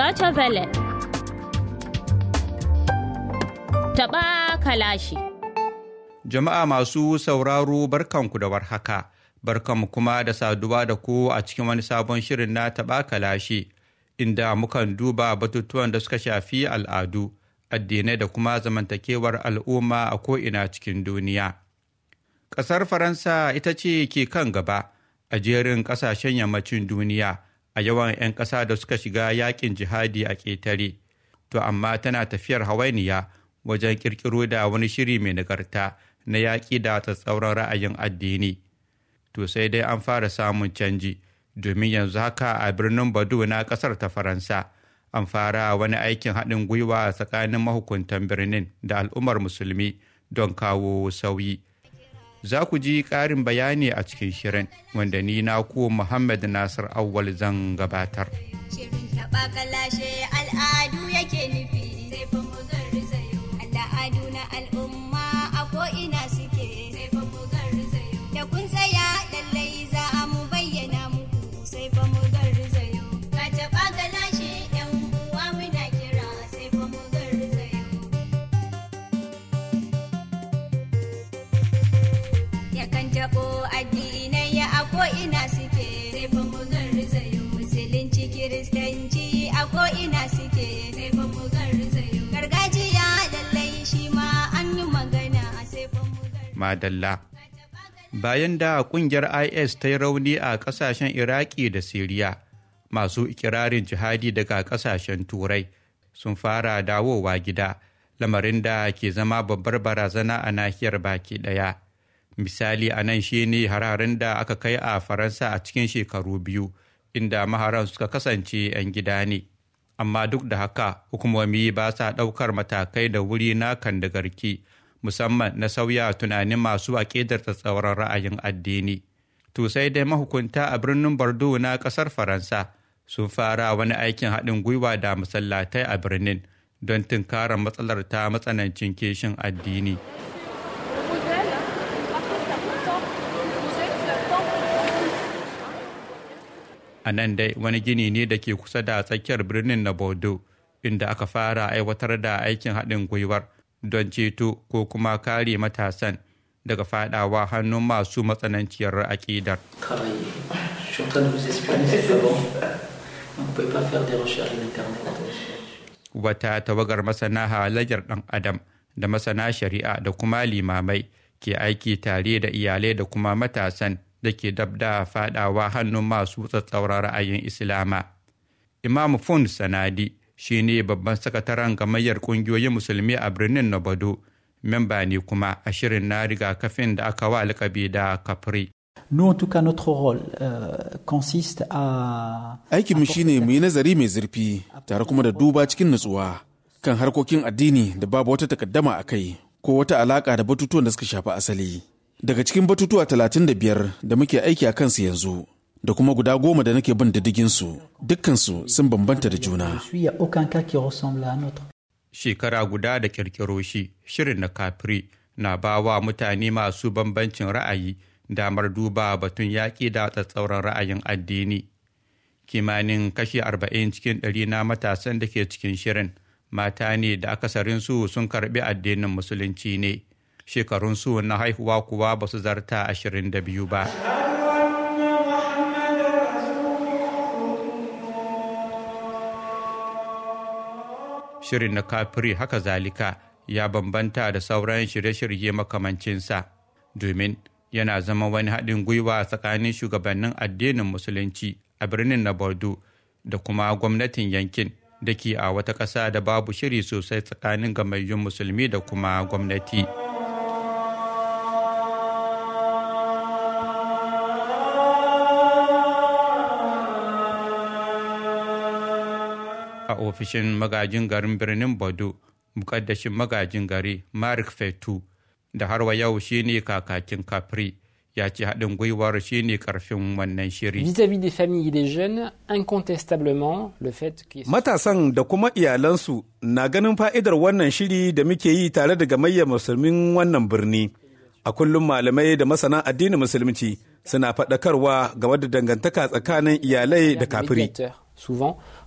Deutsche Welle. Taɓa kalashi. Jama'a masu sauraro barkanku da warhaka, barkanmu kuma da saduwa da ku a cikin wani sabon shirin na taɓa kalashi, inda mukan duba batutuwan da suka shafi al'adu, addinai da kuma zamantakewar al'umma a ko'ina cikin duniya. Ƙasar Faransa ita ce ke kan gaba a jerin ƙasashen yammacin duniya. a yawan 'yan ƙasa da suka shiga yaƙin jihadi a ƙetare to amma tana tafiyar hawainiya wajen ƙirƙiro da wani shiri mai nagarta na yaƙi da tsatsauran ra'ayin addini to sai dai an fara samun canji domin yanzu haka a birnin Bado na ƙasar ta faransa an fara wani aikin haɗin gwiwa tsakanin mahukuntan birnin da al'ummar musulmi don kawo sauyi za ku ji ƙarin bayani a cikin shirin wanda ni na ko Muhammad Nasir Awwal zan gabatar. Shirin al'adu madalla bayan da kungiyar is ta yi rauni a kasashen iraki da siriya masu ikirarin jihadi daga kasashen turai sun fara dawowa gida lamarin da ke zama babbar barazana a nahiyar baki daya misali a nan shine hararin da aka kai a faransa a cikin shekaru biyu inda maharan suka kasance 'yan gida ne amma duk da haka hukumomi ba sa ɗaukar matakai da wuri na kan da garki musamman na sauya tunanin masu aƙidar tsauran ra'ayin addini. To sai dai mahukunta a birnin Bordeaux na ƙasar Faransa sun fara wani aikin haɗin gwiwa da masallatai a birnin don tunkarar matsalar ta matsanancin keshin addini. A nan dai wani gini ne da ke kusa da tsakiyar birnin na Bordeaux inda aka fara aiwatar da aikin haɗin gwiwar. don ceto ko kuma kare matasan daga fadawa hannun masu matsananciyar aƙidar. Wata tawagar masana halayyar ɗan Adam da masana shari'a da kuma limamai ke aiki tare da iyalai da kuma matasan da ke dabda fadawa hannun masu tsatsauran ra'ayin Islama. Imam Fund Sanadi shi ne babban sakataren gamayyar kungiyoyin musulmi a birnin na memba ne kuma ashirin shirin na rigakafin da aka wa alkabi da kafri Aikinmu shi ne mu yi nazari mai zurfi, tare kuma da duba cikin nutsuwa kan harkokin addini da babu wata takaddama a kai ko wata alaƙa da batutuwan da suka shafi asali. Daga cikin batutuwa 35 da muke aiki a kansu yanzu, da kuma guda goma da nake bin diddiginsu dukkansu sun bambanta da juna. Shekara guda da kirkiro shi, shirin na kafiri na ba wa mutane masu bambancin ra'ayi damar duba batun yaƙi da tsatsauran ra'ayin addini. Kimanin kashi arba'in cikin ɗari na matasan da ke cikin shirin mata ne da akasarinsu sun karɓi addinin musulunci ne. Shekarunsu na haihuwa kuwa ba su zarta ashirin da biyu ba. Shirin na kafiri haka zalika ya bambanta da sauran shirye-shirye makamancinsa domin yana zama wani haɗin gwiwa tsakanin shugabannin addinin musulunci a birnin na bordo da kuma gwamnatin yankin da ke a wata ƙasa da babu shiri sosai tsakanin gamayyun musulmi da kuma gwamnati. a ofishin magajin garin birnin bado mukaddashin magajin gari Marik Fetu, da har wa yau shi ne kakakin Capri. ya ce haɗin gwiwar shi ne ƙarfin wannan shiri. Matasan da kuma iyalansu na ganin fa'idar wannan shiri da muke yi tare da gamayyar musulmin wannan birni. A kullum malamai da masana addinin musulunci suna faɗakarwa game da dangantaka tsakanin iyalai da kafiri.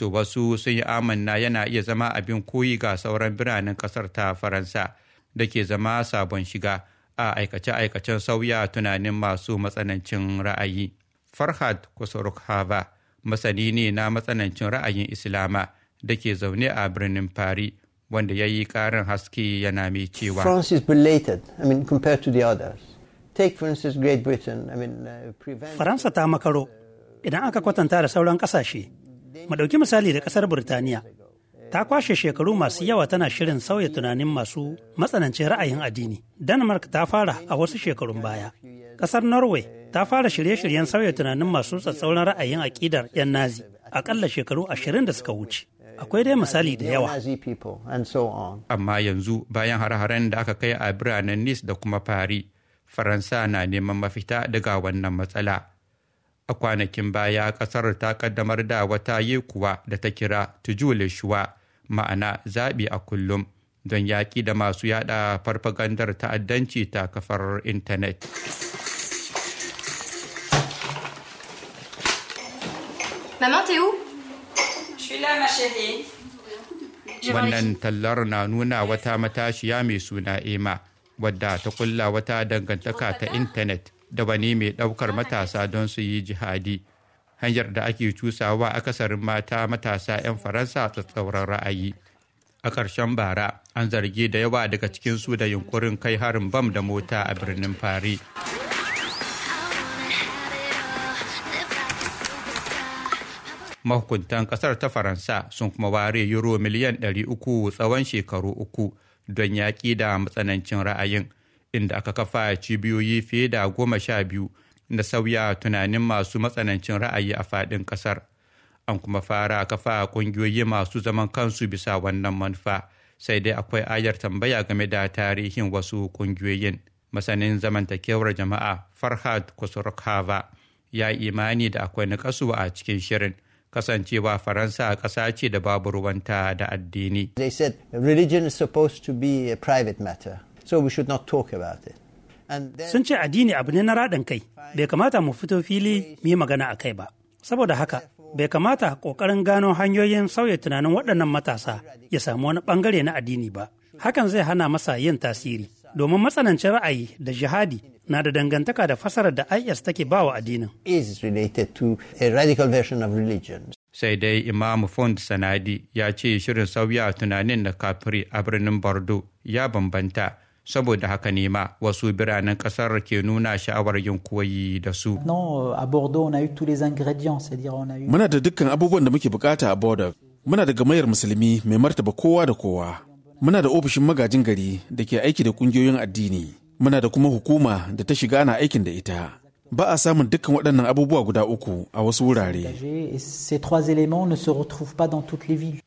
to wasu sun yi amanna yana iya zama abin koyi ga sauran biranen kasar ta faransa da ke zama sabon shiga a aikace-aikacen sauya tunanin masu matsanancin ra'ayi farhad kusurukhava masani ne na matsanancin ra'ayin islama da ke zaune a birnin paris wanda ya yi ƙarin haske yana mai cewa uh, faransa ta makaro idan aka kwatanta da sauran kasashe. Mu misali da ƙasar Burtaniya. Ta kwashe shekaru masu yawa tana shirin sauya tunanin masu matsanancin ra'ayin addini. Denmark ta fara a wasu shekarun baya. Ƙasar Norway ta fara shirye-shiryen sauya tunanin masu tsatsauran ra'ayin aƙidar 'yan Nazi akalla shekaru ashirin da suka wuce. akwai dai misali da yawa. Amma yanzu bayan hare-haren da aka kai a biranen Nice da kuma Paris, Faransa na neman mafita daga wannan matsala. a kwanakin baya kasar ta kaddamar da wata yi kuwa da ta kira shuwa ma'ana zaɓi a kullum don yaƙi da masu yaɗa farfagandar ta'addanci ta kafar intanet Wannan tallar na nuna wata matashiya mai suna Ema, wadda ta kulla wata dangantaka ta intanet da wani mai ɗaukar matasa don su yi jihadi hanyar da ake cusawa akasarin mata matasa 'yan faransa tsatsauran ra'ayi a ƙarshen bara an zargi da yawa daga cikin su da yunkurin kai harin bam da mota a birnin paris mahukuntan ƙasar ta faransa sun kuma ware euro miliyan 300 tsawon shekaru uku don yaƙi da matsanancin ra'ayin inda aka kafa cibiyoyi fiye da goma sha biyu da sauya tunanin masu matsanancin ra'ayi a faɗin ƙasar an kuma fara kafa ƙungiyoyi masu zaman kansu bisa wannan manufa sai dai akwai ayar tambaya game da tarihin wasu ƙungiyoyin masanin zamantakewar jama'a farhad kusurkava ya imani da akwai naƙasu a cikin shirin kasancewa faransa ƙasa ce da babu ruwanta da addini. they said religion is to be a private matter. so we should not talk about it sun ce addini abu ne na raɗin kai bai kamata mu fito fili mu yi magana a kai ba saboda haka bai kamata ƙoƙarin gano hanyoyin sauya tunanin waɗannan matasa ya samu wani ɓangare na addini ba hakan zai hana masa yin tasiri domin matsanancin ra'ayi da jihadi na da dangantaka da fasarar da IS take ba wa addinin. Sai dai Imam Fond Sanadi ya ce shirin sauya tunanin na kafiri a birnin Bordeaux ya bambanta saboda haka ne ma wasu biranen kasar ke nuna sha'awar yin koyi da su. Muna da dukkan abubuwan da muke bukata a Bordeaux. Muna da gamayar musulmi mai martaba kowa da kowa. Muna da ofishin magajin gari da ke aiki da kungiyoyin addini. Muna da kuma hukuma da ta shiga na aikin da ita. ba a samun dukkan waɗannan abubuwa guda uku a wasu wurare.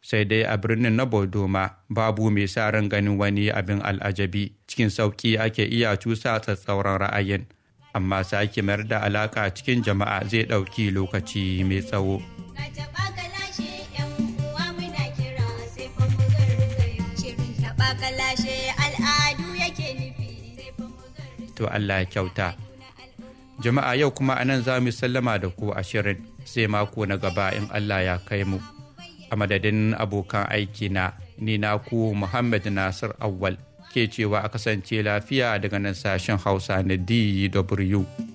Sai dai a birnin na bordoma babu mai sa ran ganin wani abin al'ajabi cikin sauƙi ake iya cusa tsatsauran ra'ayin. Amma sake mayar da alaƙa cikin jama'a zai ɗauki lokaci mai tsawo. To Allah ya kyauta. Jama'a yau kuma anan za mu sallama da ku ashirin sai mako na gaba in Allah ya kai mu. A madadin abokan aiki na ni na ku Muhammad Nasir Awwal ke cewa a kasance lafiya daga nan sashen Hausa na DW.